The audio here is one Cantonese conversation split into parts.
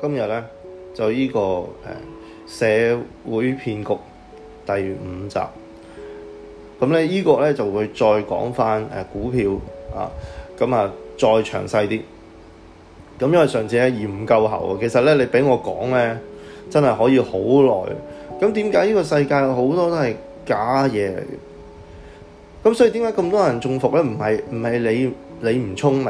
今日呢，就呢、呢個社會騙局第五集，咁呢，呢個呢，就會再講翻股票啊，咁啊再詳細啲。咁因為上次喺研究後，其實呢，你畀我講呢，真係可以好耐。咁點解呢個世界好多都係假嘢？嚟咁所以點解咁多人中伏呢？唔係唔係你你唔聰明，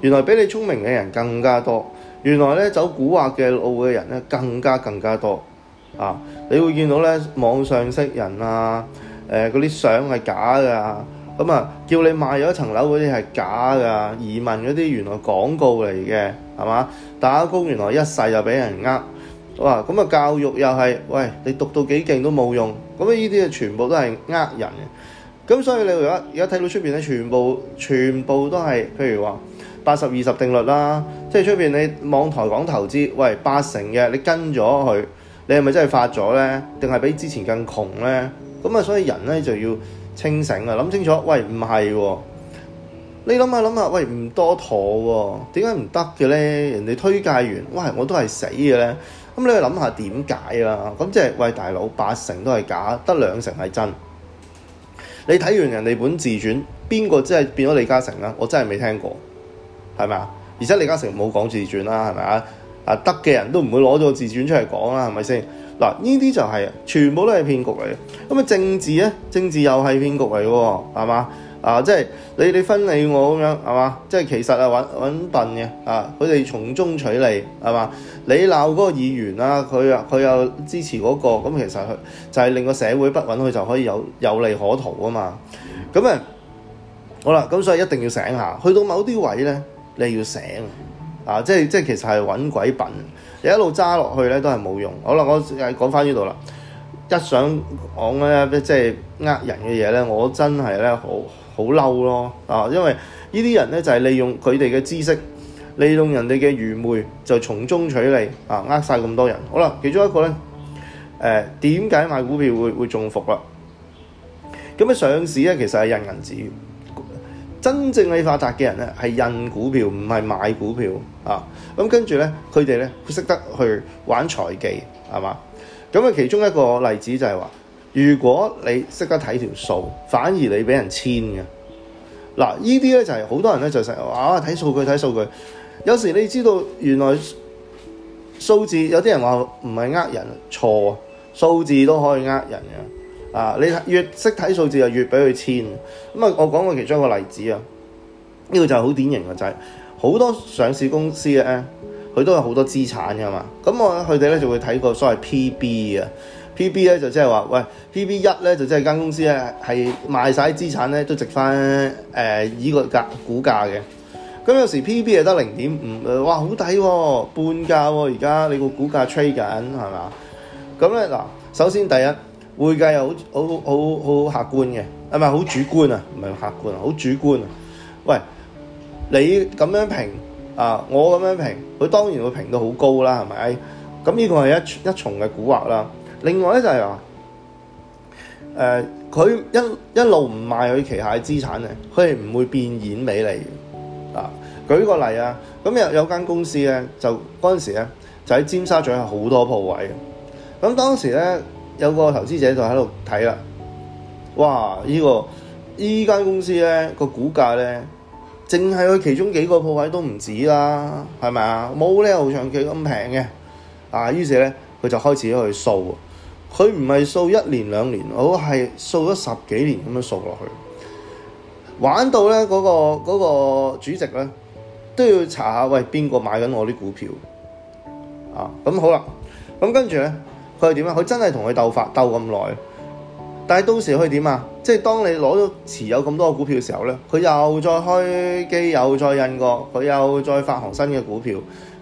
原來比你聰明嘅人更加多。原來咧走古惑嘅路嘅人咧更加更加多啊！你會見到咧網上識人啊，誒嗰啲相係假㗎、啊，咁、嗯、啊叫你賣咗層樓嗰啲係假㗎、啊，移民嗰啲原來廣告嚟嘅係咪？打工原來一世又俾人呃，哇、嗯！咁、嗯、啊教育又係，喂，你讀到幾勁都冇用，咁啊呢啲全部都係呃人咁、嗯、所以你而家而家睇到出邊咧，全部全部都係譬如話。八十二十定律啦，即係出邊你網台講投資，喂八成嘅你跟咗佢，你係咪真係發咗呢？定係比之前更窮呢？咁啊，所以人呢就要清醒啊，諗清楚，喂唔係喎，你諗下諗下，喂唔多妥喎、哦，點解唔得嘅呢？人哋推介完，喂，我都係死嘅呢。咁你去諗下點解啦？咁即係喂大佬，八成都係假，得兩成係真。你睇完人哋本自傳，邊個真係變咗李嘉誠呀？我真係未聽過。係咪啊？而且李嘉誠冇講自傳啦，係咪啊？啊得嘅人都唔會攞咗個自傳出嚟講啦，係咪先？嗱、就係，呢啲就係全部都係騙局嚟嘅。咁啊，政治咧，政治又係騙局嚟嘅，係嘛？啊，即係你你分你我咁樣，係嘛？即係其實係揾揾笨嘅，啊，佢哋從中取利，係嘛？你鬧嗰個議員啦、啊，佢啊佢又支持嗰、嗰個，咁其實佢就係令個社會不穩佢就可以有有利可圖啊嘛。咁啊，好啦，咁所以一定要醒下，去到某啲位咧。你要醒啊！即係即係，其實係揾鬼品。你一路揸落去咧，都係冇用。好啦，我講翻呢度啦。一想講咧，即係呃人嘅嘢咧，我真係咧，好好嬲咯啊！因為呢啲人咧就係利用佢哋嘅知識，利用人哋嘅愚昧，就從中取利啊，呃晒咁多人。好啦，其中一個咧，誒點解買股票會會中伏啦？咁啊上市咧，其實係印銀紙。真正你發達嘅人呢，係印股票，唔係買股票啊！咁跟住呢，佢哋呢，會識得去玩財技，係嘛？咁、嗯、啊，其中一個例子就係、是、話，如果你識得睇條數，反而你俾人簽嘅。嗱、啊，呢啲呢，就係好多人呢、就是，就成日話啊，睇數據睇數據，有時你知道原來數字有啲人話唔係呃人錯，數字都可以呃人嘅。啊！你越識睇數字，就越俾佢簽。咁啊，我講過其中一個例子啊，呢、這個就係好典型嘅，就係、是、好多上市公司啊，佢都有好多資產嘅嘛。咁我佢哋咧就會睇個所謂 PB 啊，PB 咧就即係話，喂，PB 一咧就即係間公司咧係賣晒資產咧都值翻誒依個價股價嘅。咁有時 PB 又得零點五，哇，好抵喎，半價喎，哦！而家你個股價吹緊係嘛？咁咧嗱，首先第一。會計又好好好好客觀嘅，係咪好主觀啊？唔係客觀啊，好主觀啊！喂，你咁樣評啊，我咁樣評，佢當然會評到好高啦，係咪？咁、哎、呢個係一一重嘅蠱惑啦。另外咧就係話誒，佢、呃、一一路唔賣佢旗下嘅資產咧，佢係唔會變現俾你啊。舉個例啊，咁又有間公司咧，就嗰陣時咧就喺尖沙咀有好多鋪位嘅，咁當時咧。有個投資者就喺度睇啦，哇！依個依間公司咧個股價咧，淨係佢其中幾個鋪位都唔止啦，係咪啊？冇咧，好長期咁平嘅啊！於是咧，佢就開始去掃，佢唔係掃一年兩年，我係掃咗十幾年咁樣掃落去，玩到咧嗰個嗰個主席咧都要查下，喂，邊個買緊我啲股票啊？咁好啦，咁跟住咧。佢係點啊？佢真係同佢鬥法鬥咁耐，但係到時可以點啊？即係當你攞到持有咁多股票嘅時候咧，佢又再開機，又再印過，佢又再發行新嘅股票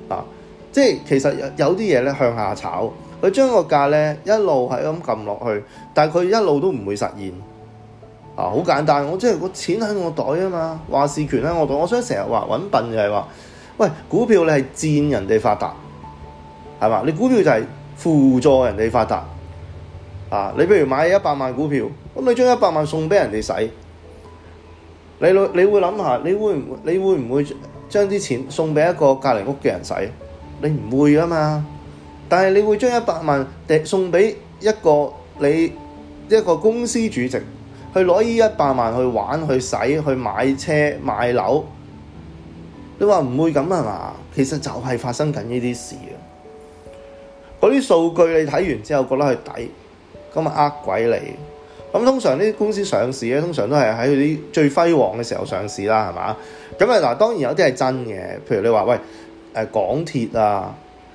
啊！即係其實有啲嘢咧向下炒，佢將個價咧一路係咁撳落去，但係佢一路都唔會實現啊！好簡單，我即係個錢喺我袋啊嘛，話事權喺我袋，我想成日話搵笨就係話，喂，股票你係佔人哋發達係嘛？你股票就係、是。輔助人哋發達，啊！你比如買一百萬股票，咁你將一百萬送俾人哋使，你你會諗下，你會唔會你會唔會將啲錢送俾一個隔離屋嘅人使？你唔會啊嘛，但係你會將一百萬送俾一個你一個公司主席去攞呢一百萬去玩去使去買車買樓，你話唔會咁啊嘛？其實就係發生緊呢啲事。嗰啲數據你睇完之後覺得係抵，咁咪呃鬼你咁。通常呢啲公司上市咧，通常都係喺佢啲最輝煌嘅時候上市啦，係嘛？咁啊嗱，當然有啲係真嘅，譬如你話喂誒港、呃、鐵啊，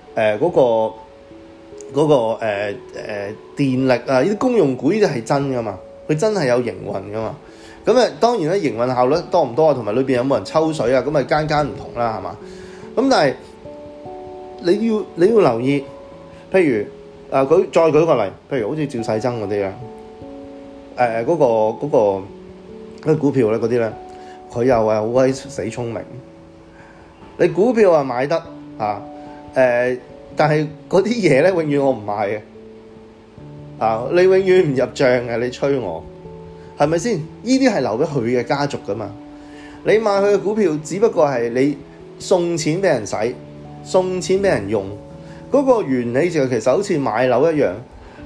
誒、呃、嗰、個嗰、個誒、呃呃、電力啊，呢啲公用股呢啲係真噶嘛？佢真係有營運噶嘛？咁誒當然咧營運效率多唔多啊？同埋裏邊有冇人抽水啊？咁啊間間唔同啦，係嘛？咁但係你要你要留意。譬如，啊，佢再舉個例，譬如好似趙世曾嗰啲啊，誒嗰個嗰個嗰啲股票咧嗰啲咧，佢又係好鬼死聰明。你股票啊買得啊，誒、啊，但係嗰啲嘢咧永遠我唔買嘅，啊，你永遠唔入帳嘅，你催我係咪先？呢啲係留畀佢嘅家族噶嘛。你買佢嘅股票，只不過係你送錢畀人使，送錢畀人用。嗰個原理就其實好似買樓一樣，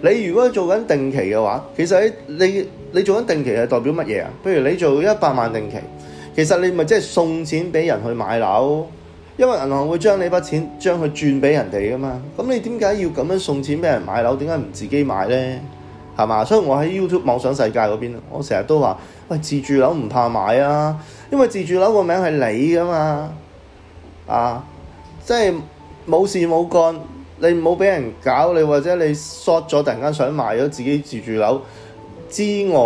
你如果做緊定期嘅話，其實你你做緊定期係代表乜嘢啊？譬如你做一百萬定期，其實你咪即係送錢俾人去買樓，因為銀行會把你將你筆錢將佢轉俾人哋噶嘛。咁你點解要咁樣送錢俾人買樓？點解唔自己買呢？係嘛？所以我喺 YouTube 妄想世界嗰邊，我成日都話：喂，自住樓唔怕買啊，因為自住樓個名係你噶嘛，啊，即係。冇事冇幹，你冇俾人搞你，你或者你索咗突然間想賣咗自己自住樓之外，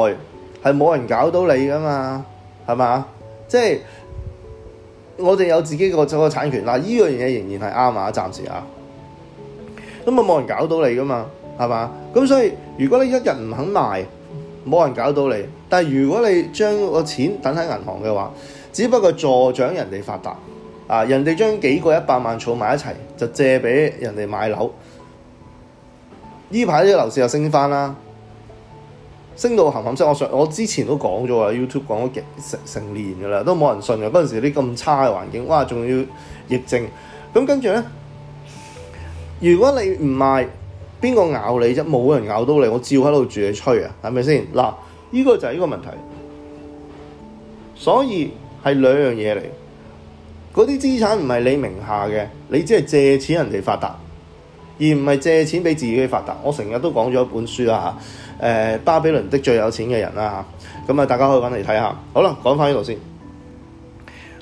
係冇人搞到你噶嘛。係咪？即係我哋有自己個、這個產權嗱，呢樣嘢仍然係啱啊！暫時啊，咁啊冇人搞到你噶嘛？係嘛？咁所以如果你一日唔肯賣，冇人搞到你。但係如果你將個錢等喺銀行嘅話，只不過助長人哋發達。啊！人哋將幾個一百萬儲埋一齊，就借畀人哋買樓。呢排啲樓市又升翻啦，升到冚冚聲。我上我之前都講咗啊，YouTube 講咗幾成成年噶啦，都冇人信嘅。嗰陣時啲咁差嘅環境，哇！仲要疫症，咁跟住咧，如果你唔賣，邊個咬你啫？冇人咬到你，我照喺度住你吹啊，係咪先？嗱，呢個就係呢個問題，所以係兩樣嘢嚟。嗰啲資產唔係你名下嘅，你只係借錢人哋發達，而唔係借錢畀自己發達。我成日都講咗一本書啦嚇、啊，巴比倫的最有錢嘅人啦嚇，咁啊，啊大家可以翻嚟睇下。好啦，講翻呢度先。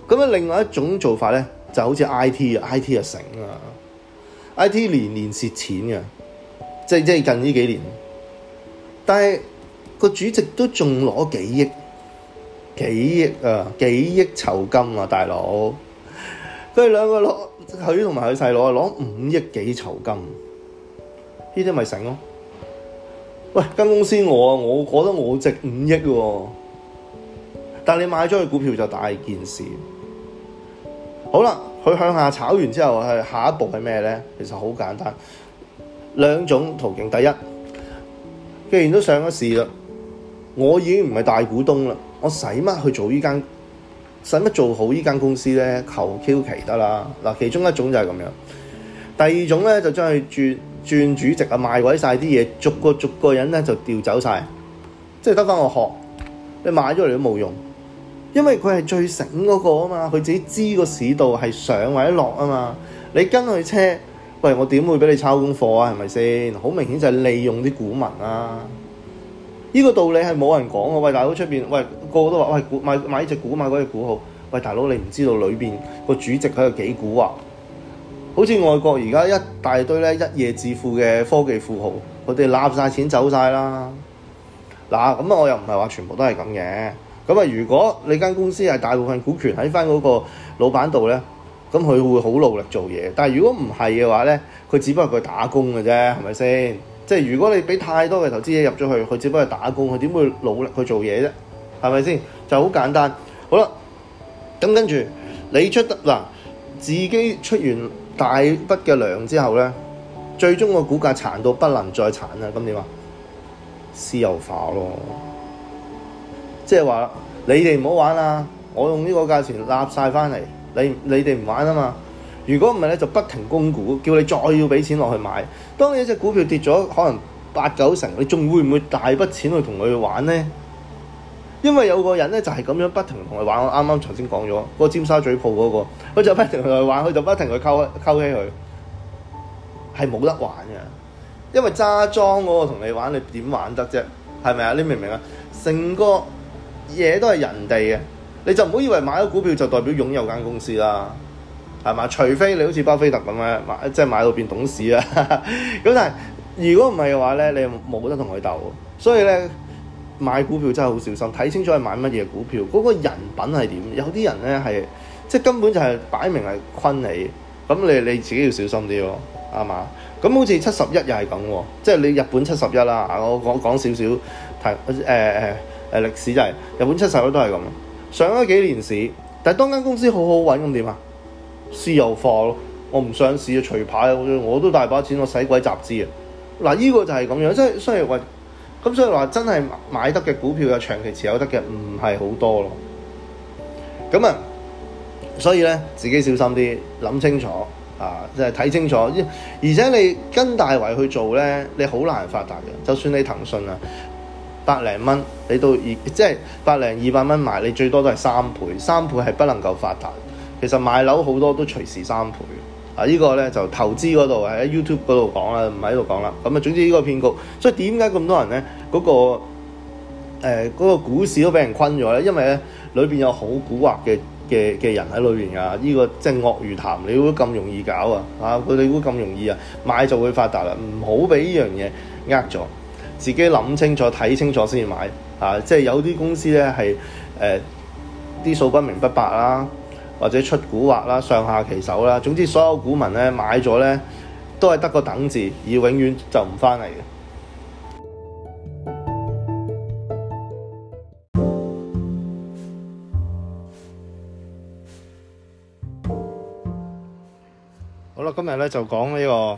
咁樣另外一種做法咧，就好似 I T 啊，I T 就成啊，I T 年年蝕錢嘅，即即係近呢幾年。但係個主席都仲攞幾億、幾億啊、幾億酬金啊，大佬。佢哋兩個攞佢同埋佢細佬啊攞五億幾酬金，呢啲咪成咯？喂，間公司我啊，我覺得我值五億喎、哦，但係你買咗佢股票就大件事。好啦，佢向下炒完之後，下一步係咩咧？其實好簡單，兩種途徑。第一，既然都上咗市啦，我已經唔係大股東啦，我使乜去做呢間？使乜做好呢間公司呢？求求其得啦。嗱，其中一種就係咁樣。第二種呢，就將佢轉轉主席啊，賣鬼晒啲嘢，逐個逐個人呢就調走晒，即係得翻我學。你買咗嚟都冇用，因為佢係最醒嗰個啊嘛，佢自己知個市道係上或者落啊嘛。你跟佢車，喂，我點會俾你抄功課啊？係咪先？好明顯就係利用啲股民啊。呢個道理係冇人講嘅。喂，大佬出邊？喂。個個都話：喂，股買買呢隻股買嗰隻股好。喂，大佬你唔知道裏邊個主席佢係幾股啊？好似外國而家一大堆咧一夜致富嘅科技富豪，佢哋攬晒錢走晒啦。嗱，咁啊我又唔係話全部都係咁嘅。咁啊，如果你間公司係大部分股權喺翻嗰個老闆度咧，咁佢會好努力做嘢。但係如果唔係嘅話咧，佢只不過係佢打工嘅啫，係咪先？即係如果你俾太多嘅投資者入咗去，佢只不過係打工，佢點會努力去做嘢啫？係咪先？就好簡單。好啦，咁跟住你出得嗱，自己出完大筆嘅糧之後咧，最終個股價殘到不能再殘啦。咁點啊？私有化咯。即係話你哋唔好玩啦，我用呢個價錢納晒翻嚟，你你哋唔玩啊嘛。如果唔係咧，就不停供股，叫你再要畀錢落去買。當你隻股票跌咗可能八九成，你仲會唔會大筆錢去同佢去玩咧？因為有個人咧就係咁樣不停同佢玩，我啱啱頭先講咗嗰個尖沙咀鋪嗰個，佢就不停同佢玩，佢就不停去溝溝起佢，係冇得玩嘅。因為揸莊嗰個同你玩，你點玩得啫？係咪啊？你明唔明啊？成個嘢都係人哋嘅，你就唔好以為買咗股票就代表擁有間公司啦，係嘛？除非你好似巴菲特咁樣買，即係買到變董事啊。咁 但係如果唔係嘅話咧，你冇得同佢鬥，所以咧。買股票真係好小心，睇清楚係買乜嘢股票，嗰、嗰個人品係點？有啲人咧係，即係根本就係擺明係坤你，咁你你自己要小心啲咯，係嘛？咁好似七十一又係咁，即係你日本七十一啦，我講講少少提誒誒、呃呃、歷史、就係，就係日本七十一都係咁，上咗幾年市，但係當間公司好好揾咁點啊？私有化咯，我唔上市啊，除牌我都大把錢，我使鬼集資啊！嗱，呢個就係咁樣，即係雖然話。咁所以話真係買得嘅股票又長期持有得嘅唔係好多咯，咁啊，所以咧自己小心啲，諗清楚啊，即係睇清楚。而且你跟大圍去做咧，你好難發達嘅。就算你騰訊啊，百零蚊你到而即係百零二百蚊買，你最多都係三倍，三倍係不能夠發達。其實買樓好多都隨時三倍。啊！這個、呢個咧就投資嗰度喺 YouTube 嗰度講啦，唔喺度講啦。咁啊，總之呢個騙局，所以點解咁多人咧？嗰、那個誒、呃那個、股市都俾人困咗咧，因為咧裏邊有好蠱惑嘅嘅嘅人喺裏邊啊！呢、這個即係、就是、鱷魚潭，你會咁容易搞啊？啊！佢哋會咁容易啊？買就會發達啦，唔好俾呢樣嘢呃咗，自己諗清楚、睇清楚先至買。啊！即、就、係、是、有啲公司咧係誒啲數不明不白啦。啊或者出蠱惑啦，上下其手啦，總之所有股民咧買咗呢都係得個等字，而永遠就唔返嚟嘅。 好啦，今日咧就講呢個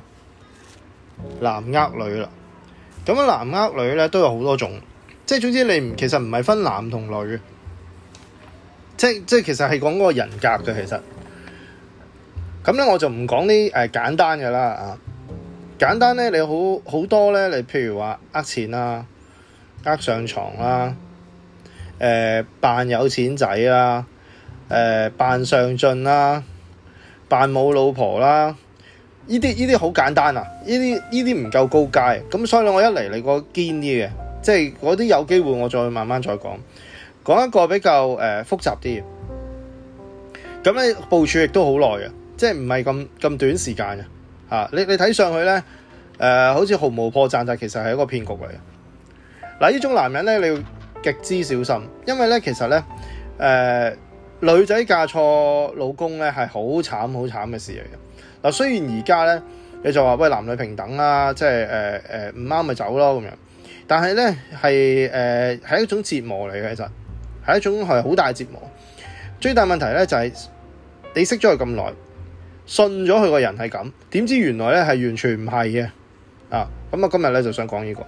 男呃女啦。咁啊，男呃女咧都有好多種，即係總之你唔其實唔係分男同女嘅。即即其實係講嗰個人格嘅，其實咁咧我就唔講啲誒簡單嘅啦啊！簡單咧你好好多咧，你譬如話呃錢啦、啊啊、呃上床啦、誒扮有錢仔啦、啊、誒、呃、扮上進啦、啊、扮冇老婆啦、啊，呢啲呢啲好簡單啊！呢啲呢啲唔夠高階，咁所以咧我一嚟你個堅啲嘅，即係嗰啲有機會我再慢慢再講。講一個比較誒複雜啲嘅，咁咧部署亦都好耐嘅，即係唔係咁咁短時間嘅嚇。你你睇上去咧誒，好似毫無破綻，但其實係一個騙局嚟嘅。嗱，呢種男人咧你要極之小心，因為咧其實咧誒女仔嫁錯老公咧係好慘好慘嘅事嚟嘅。嗱，雖然而家咧你就話喂，男女平等啦，即係誒誒唔啱咪走咯咁樣，但係咧係誒係一種折磨嚟嘅其實。係一種係好大折磨。最大問題咧就係、是、你識咗佢咁耐，信咗佢個人係咁，點知原來咧係完全唔係嘅啊！咁啊，今日咧就想講呢、這個。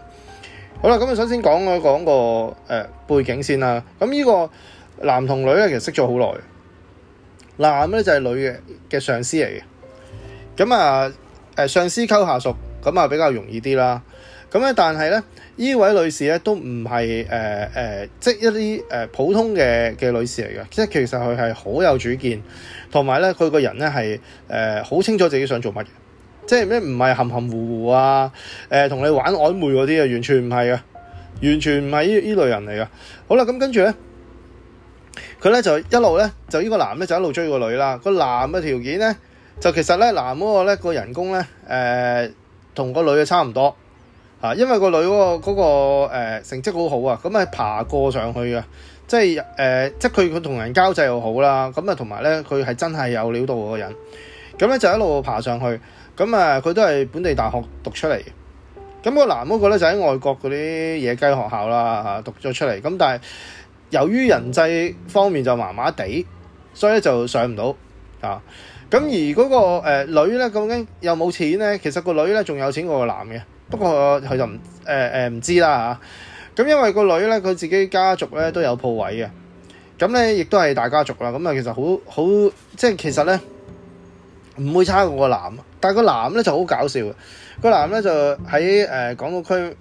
好啦，咁啊首先講一講一個誒、呃、背景先啦。咁呢個男同女咧其實識咗好耐，男咧就係女嘅嘅上司嚟嘅。咁啊誒上司溝下屬，咁啊比較容易啲啦。咁咧，但係咧，呢位女士咧都唔係誒誒，即一啲誒、呃、普通嘅嘅女士嚟嘅，即其實佢係好有主見，同埋咧佢個人咧係誒好清楚自己想做乜嘢，即咩唔係含含糊糊糊啊？誒、呃，同你玩曖昧嗰啲啊，完全唔係啊，完全唔係呢呢類人嚟噶。好啦，咁跟住咧，佢咧就一路咧就路呢個男咧就一路追個女啦。個男嘅條件咧就其實咧男嗰個咧個人工咧誒同個女嘅差唔多。啊，因為個女嗰、那個誒、呃、成績好好啊，咁啊爬過上去啊。即係誒、呃，即係佢佢同人交際又好啦。咁啊，同埋咧，佢係真係有料到嗰個人。咁咧就一路爬上去，咁啊，佢都係本地大學讀出嚟。咁個男嗰個咧就喺外國嗰啲野雞學校啦嚇、啊、讀咗出嚟。咁但係由於人際方面就麻麻地，所以咧就上唔到啊。咁而嗰、那個、呃、女咧，究竟有冇錢咧？其實個女咧仲有錢過個男嘅。不過佢就唔誒誒唔知啦嚇，咁、啊、因為個女咧佢自己家族咧都有鋪位嘅，咁咧亦都係大家族啦，咁啊其實好好即係其實咧唔會差過個男，但係個男咧就好搞笑嘅，個男咧就喺誒、呃、港澳區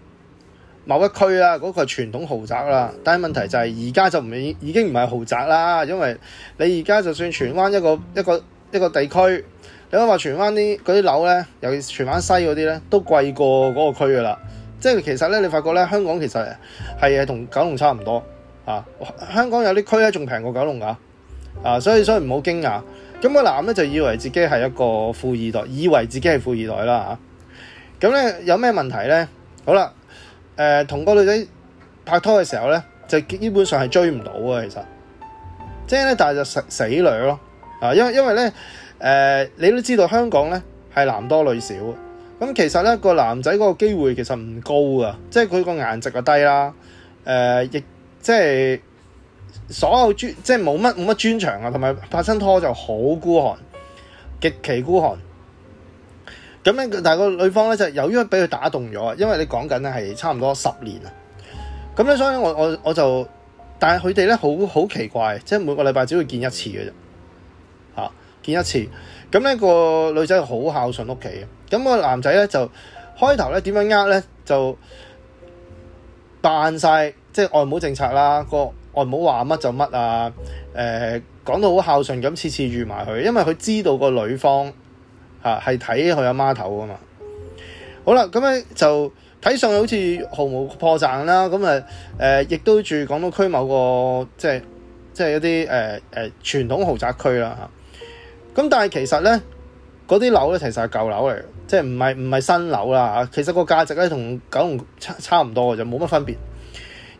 某一區啦，嗰、嗰個係傳統豪宅啦，但係問題就係而家就唔已已經唔係豪宅啦，因為你而家就算荃灣一個一個一個,一個地區。有講話荃灣啲嗰啲樓咧,尤其荃灣西嗰啲咧，都貴過嗰個區噶啦。即係其實咧，你發覺咧，香港其實係係同九龍差唔多啊。香港有啲區咧仲平過九龍噶啊，所以所以唔好驚訝。咁個男咧就以為自己係一個富二代，以為自己係富二代啦吓。咁、啊、咧有咩問題咧？好啦，誒、呃，同個女仔拍拖嘅時候咧，就基本上係追唔到啊。其實即係咧，但係就死死女咯啊，因為因為咧。誒、呃，你都知道香港咧係男多女少，咁其實咧個男仔嗰個機會其實唔高噶，即係佢個顏值就低啦，誒、呃，亦即係所有專即係冇乜冇乜專長啊，同埋發生拖就好孤寒，極其孤寒。咁咧，但係個女方咧就由於俾佢打動咗啊，因為你講緊咧係差唔多十年啊，咁咧，所以我我我就，但係佢哋咧好好奇怪，即係每個禮拜只會見一次嘅啫。見一次，咁呢個女仔好孝順屋企嘅，咁個男仔咧就開頭咧點樣呃咧就扮晒即係外母政策啦，個外母話乜就乜啊，誒講到好孝順咁，次次預埋佢，因為佢知道個女方吓係睇佢阿媽頭噶嘛。好啦，咁咧就睇上去好似毫無破綻啦，咁啊誒，亦都住廣東區某個即係即係一啲誒誒傳統豪宅區啦吓。咁但係其實咧，嗰啲樓咧其實係舊樓嚟，即係唔係唔係新樓啦吓。其實個價值咧同九龍差差唔多嘅，就冇乜分別，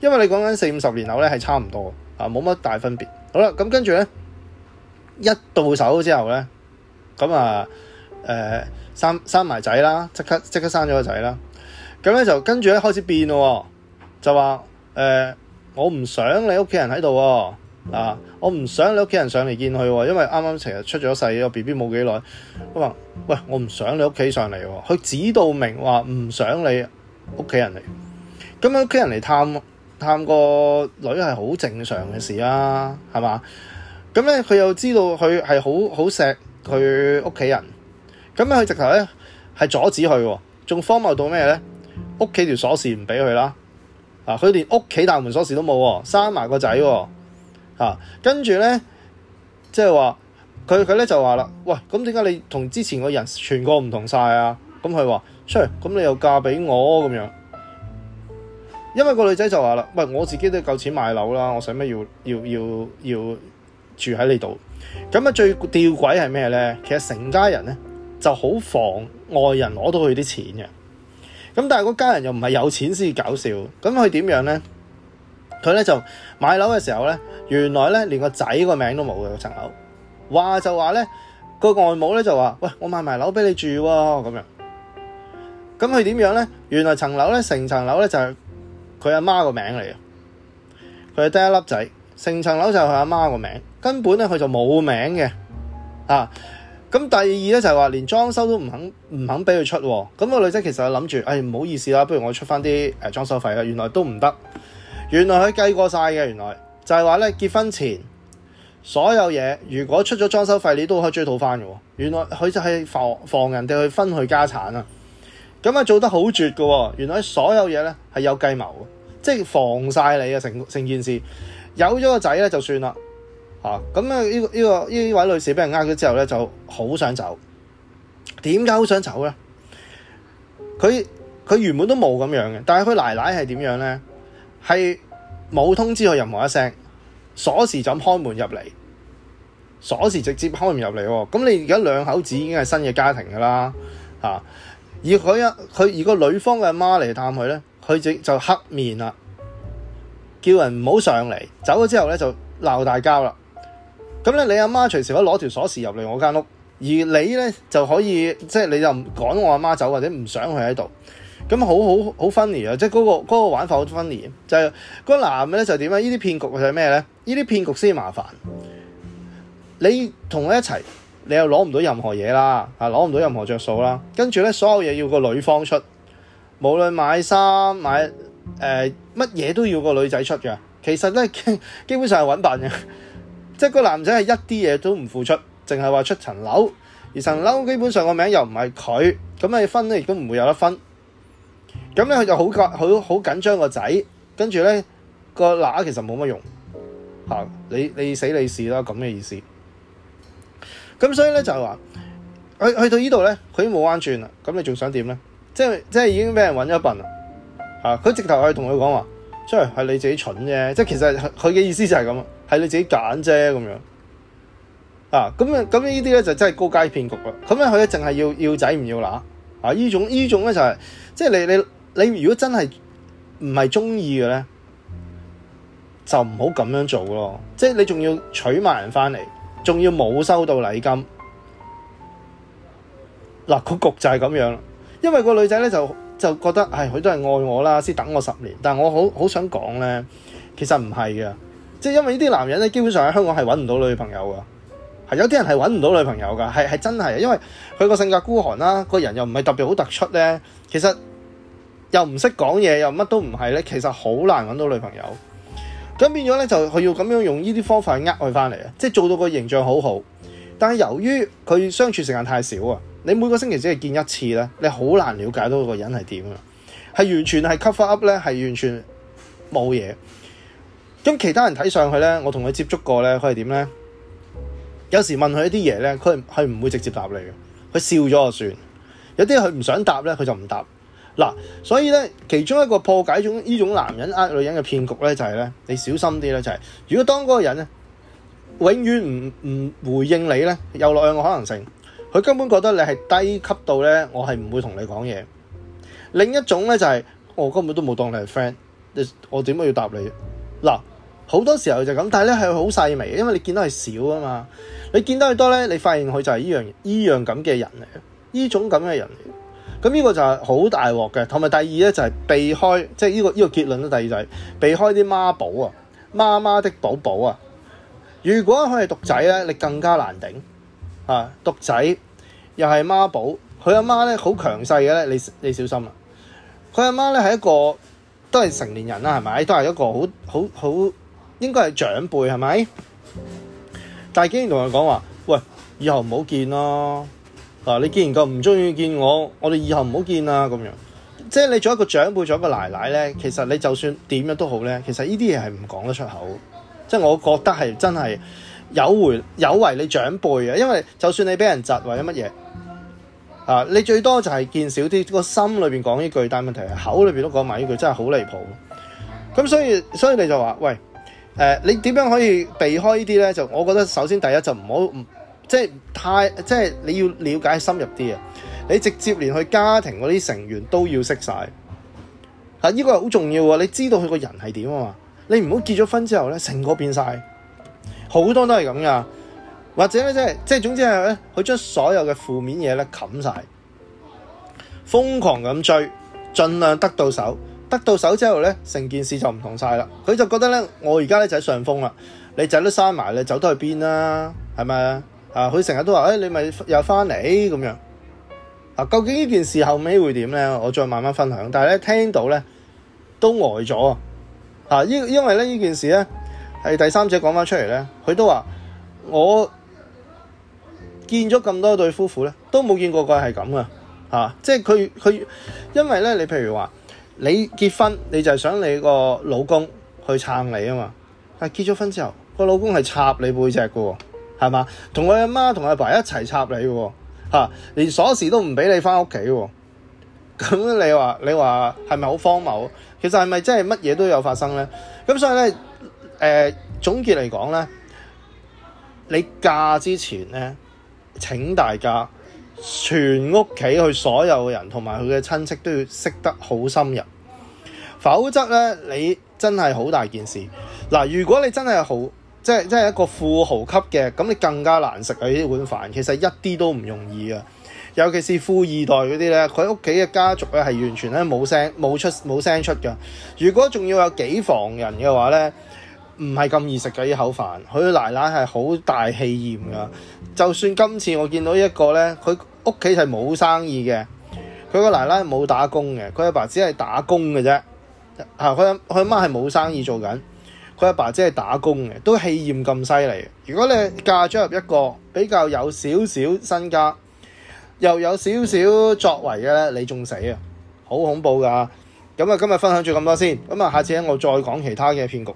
因為你講緊四五十年樓咧係差唔多啊，冇乜大分別。好啦，咁跟住咧一到手之後咧，咁啊誒、呃、生生埋仔啦，即刻即刻生咗個仔啦，咁咧就跟住咧開始變咯，就話誒、呃、我唔想你屋企人喺度喎。啊！我唔想你屋企人上嚟見佢喎，因為啱啱成日出咗世，個 B B 冇幾耐。佢話：喂，我唔想你屋企上嚟喎。佢指到明話唔想你屋企人嚟。咁你屋企人嚟探探個女係好正常嘅事啊，係嘛？咁咧，佢又知道佢係好好錫佢屋企人。咁咧，佢直頭咧係阻止佢喎，仲荒謬到咩咧？屋企條鎖匙唔俾佢啦。啊！佢連屋企大門鎖匙都冇，生埋個仔喎。嚇，跟住咧，即係話佢佢咧就話、是、啦，喂，咁點解你同之前個人全個唔同晒啊？咁佢話，出，咁你又嫁俾我咁樣。因為個女仔就話啦，喂，我自己都夠錢買樓啦，我使乜要要要要，要住喺呢度？咁啊最吊詭係咩咧？其實成家人咧就好防外人攞到佢啲錢嘅。咁但係嗰家人又唔係有錢先搞笑，咁佢點樣咧？佢咧就買樓嘅時候咧，原來咧連個仔個名都冇嘅嗰層樓，話就話咧，個外母咧就話，喂，我買埋樓俾你住喎，哦、咁樣。咁佢點樣咧？原來層樓咧，成層樓咧就係佢阿媽個名嚟嘅，佢係得一粒仔，成層樓就係佢阿媽個名、名，根本咧佢就冇名嘅。啊，咁第二咧就係、是、話連裝修都唔肯唔肯俾佢出，啊。咁，那個女仔其實就諗住，哎，唔好意思啦，不如我出翻啲誒裝修費啦。原來都唔得。原來佢計過晒嘅，原來就係話咧結婚前所有嘢，如果出咗裝修費，你都可以追討翻嘅。原來佢就係防防人哋去分佢家產啊，咁啊做得好絕嘅。原來所有嘢咧係有計謀，即係防晒你啊。成成件事。有咗個仔咧就算啦，吓，咁啊呢呢個呢個呢位女士俾人呃咗之後咧就好想走。點解好想走咧？佢佢原本都冇咁樣嘅，但係佢奶奶係點樣咧？係。冇通知佢任何一聲，鎖匙就咁開門入嚟，鎖匙直接開門入嚟。咁你而家兩口子已經係新嘅家庭噶啦，吓、啊。而佢阿佢而個女方嘅阿媽嚟探佢咧，佢就就黑面啦，叫人唔好上嚟。走咗之後咧就鬧大交啦。咁咧你阿媽隨時可以攞條鎖匙入嚟我間屋，而你咧就可以即係、就是、你就唔趕我阿媽走，或者唔想佢喺度。咁好好好，funny 啊，即係、嗰、嗰、個嗰個玩法好 funny，就係嗰男嘅咧就點啊？呢啲騙局就係咩咧？呢啲騙局先麻煩。你同佢一齊，你又攞唔到任何嘢啦，啊攞唔到任何着數啦。跟住咧，所有嘢要個女方出，無論買衫買誒乜嘢都要個女仔出嘅。其實咧，基本上係揾笨嘅，即係個男仔係一啲嘢都唔付出，淨係話出層樓，而層樓基本上個名又唔係佢咁，你分咧亦都唔會有得分。咁咧佢就好好好緊張個仔，跟住咧個乸其實冇乜用嚇、啊，你你死你事啦咁嘅意思。咁所以咧就係、是、話去去到呢度咧，佢已經冇彎轉啦。咁你仲想點咧？即係即係已經俾人揾咗笨啦嚇！佢、啊、直頭係同佢講話，即係係你自己蠢啫。即係其實佢嘅意思就係咁啊，係你自己揀啫咁樣啊。咁啊咁呢啲咧就真、是、係高階騙局啦。咁咧佢咧淨係要要仔唔要乸啊？呢種呢種咧就係、是、即係你你。你你如果真係唔係中意嘅咧，就唔好咁樣做咯。即係你仲要娶埋人翻嚟，仲要冇收到禮金，嗱、個局就係咁樣。因為個女仔咧就就覺得，唉、哎，佢都係愛我啦，先等我十年。但係我好好想講咧，其實唔係嘅。即係因為呢啲男人咧，基本上喺香港係搵唔到女朋友噶係有啲人係搵唔到女朋友噶，係係真係，因為佢個性格孤寒啦，個人又唔係特別好突出咧，其實。又唔識講嘢，又乜都唔係咧，其實好難揾到女朋友。咁變咗咧，就佢要咁樣用呢啲方法去呃佢翻嚟啊，即係做到個形象好好。但係由於佢相處時間太少啊，你每個星期只係見一次咧，你好難了解到個人係點啊，係完全係 cover up 咧，係完全冇嘢。咁其他人睇上去咧，我同佢接觸過咧，佢係點咧？有時問佢一啲嘢咧，佢佢唔會直接答你嘅，佢笑咗就算。有啲佢唔想答咧，佢就唔答。嗱，所以咧，其中一個破解種呢種男人呃女人嘅騙局咧，就係咧，你小心啲啦，就係如果當嗰個人咧，永遠唔唔回應你咧，有兩個可能性，佢根本覺得你係低級到咧，我係唔會同你講嘢。另一種咧就係我根本都冇當你係 friend，我點解要答你？嗱，好多時候就咁，但係咧係好細微，因為你見到係少啊嘛，你見到佢多咧，你發現佢就係依樣依樣咁嘅人嚟嘅，依種咁嘅人嚟。咁呢個就係好大鑊嘅，同埋第二咧就係避開，即係呢個呢、呢個結論啦。第二就係、是、避開啲媽寶啊，媽媽的寶寶啊。如果佢係獨仔咧，你更加難頂啊！獨仔又係媽寶，佢阿媽咧好強勢嘅咧，你你小心啊。佢阿媽咧係一個都係成年人啦，係咪？都係一個好好好應該係長輩，係咪？但係竟然同佢講話，喂，以後唔好見咯。嗱，你既然咁唔中意見我，我哋以後唔好見啦咁樣。即係你做一個長輩，做一個奶奶咧，其實你就算點樣都好咧，其實呢啲嘢係唔講得出口。即係我覺得係真係有回有為你長輩嘅，因為就算你俾人窒或者乜嘢，啊，你最多就係見少啲，個心裏邊講呢句，但問題係口裏邊都講埋呢句，真係好離譜。咁所以所以你就話喂，誒、呃，你點樣可以避開呢啲咧？就我覺得首先第一就唔好唔。即係太即係你要了解深入啲啊！你直接連佢家庭嗰啲成員都要識晒。嚇，呢個係好重要啊！你知道佢個人係點啊嘛？你唔好結咗婚之後咧，成個變晒，好多都係咁㗎。或者咧，即係即係總之係咧，佢將所有嘅負面嘢咧冚晒，瘋狂咁追，盡量得到手，得到手之後咧，成件事就唔同晒啦。佢就覺得咧，我而家咧就喺上風啦，你仔都生埋，你走得去邊啦，係咪啊？啊！佢成日都話誒、哎，你咪又翻嚟咁樣啊？究竟呢件事後尾會點咧？我再慢慢分享。但係咧，聽到咧都呆咗啊！吓，因因為咧呢件事咧係第三者講翻出嚟咧，佢都話我見咗咁多對夫婦咧，都冇見過個係咁噶吓，即係佢佢因為咧，你譬如話你結婚，你就係想你個老公去撐你啊嘛，但結咗婚之後，個老公係插你背脊噶。係嘛？同佢阿媽、同阿爸一齊插你嘅、啊，吓連鎖匙都唔畀你翻屋企。咁 你話你話係咪好荒謬？其實係咪真係乜嘢都有發生咧？咁所以咧，誒、呃、總結嚟講咧，你嫁之前咧，請大家全屋企佢所有嘅人同埋佢嘅親戚都要識得好深入，否則咧你真係好大件事。嗱，如果你真係好。即係即係一個富豪級嘅，咁你更加難食啊！呢碗飯其實一啲都唔容易啊！尤其是富二代嗰啲咧，佢屋企嘅家族咧係完全咧冇聲冇出冇聲出嘅。如果仲要有幾房人嘅話咧，唔係咁易食嘅呢口飯。佢奶奶係好大氣焰㗎。就算今次我見到一個咧，佢屋企係冇生意嘅，佢個奶奶冇打工嘅，佢阿爸，爸只係打工嘅啫。嚇，佢佢阿媽係冇生意做緊。佢阿爸真係打工嘅，都氣焰咁犀利。如果你嫁咗入一個比較有少少身家，又有少少作為嘅咧，你仲死啊，好恐怖㗎！咁啊，今日分享咗咁多先，咁啊，下次咧我再講其他嘅騙局。